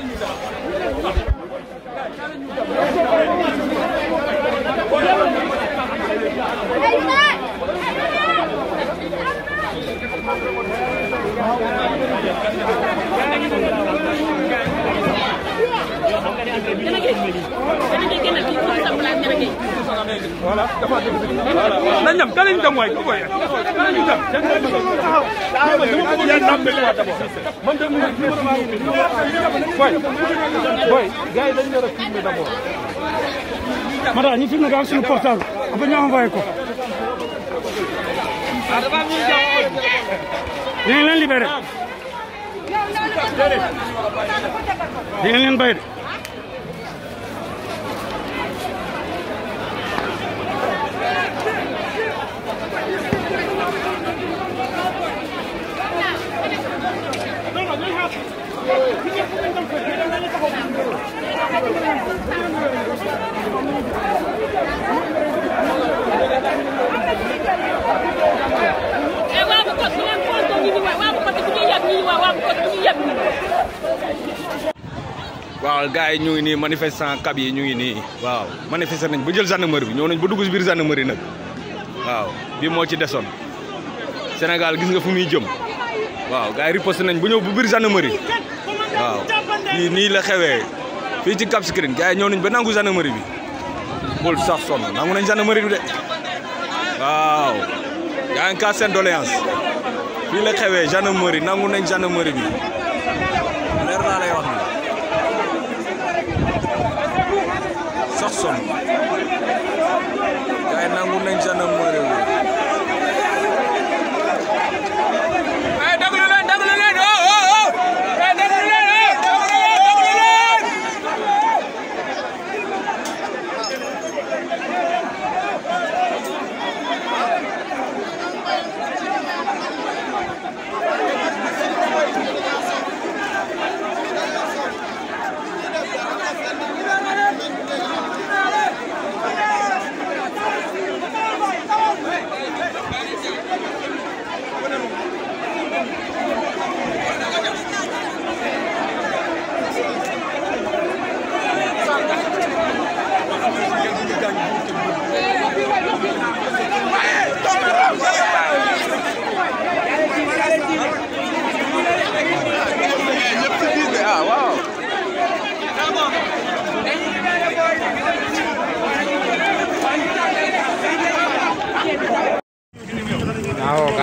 Challenge you. Challenge you. voilà dafa def voilà na ñam kala ñu dem waay ko koy kala ñu dem ya nam be wa d'abord man dem ñu boy boy gars yi dañu war a filmer d'abord mata ñu filmer daal suñu portable après ñu envoyé ko dinañ leen libéré dinañ leen bay de waaw gars yi ñu ngi ini manifestant cab yi ñu ngi nii waaw manifester nañ ba jël gendarmerie bi ñëw nañ ba dugg si biir gendarmerie nag waaw bi moo ci desoon Sénégal gis nga fu muy jëm waaw gars yi riposte nañ bu ñëw bu biir gendarmerie waaw nii nii la xewee fii ci Cap Skirring gars ñëw nañ ba nangu gendarmerie bi bul sax sonn nangu nañ gendarmerie bi de waaw yaa ngi cas seen doléance fii la xewee gendarmerie nangu nañ gendarmerie bi leer naa lay wax na sax sonn gars nangu nañ gendarmerie bi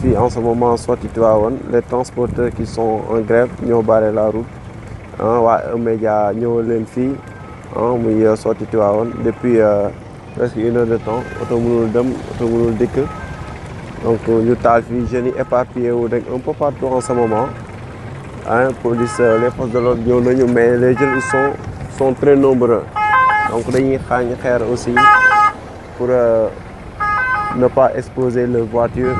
Si en ce moment, soit tu les transporteurs qui sont en grève, nous barré la route. Hein, ouais, mais il y a nous les filles, hein, mais euh, soit tu depuis euh, presque une heure de temps, auto mënul dem, auto mënul dikk. Donc euh, ñu avons fii jeunes éparpillé un peu partout en ce moment. Hein, police, les forces de l'ordre mais les jeunes ils sont sont très nombreux. Donc dañuy xaañ aussi pour ne pas exposer le voiture.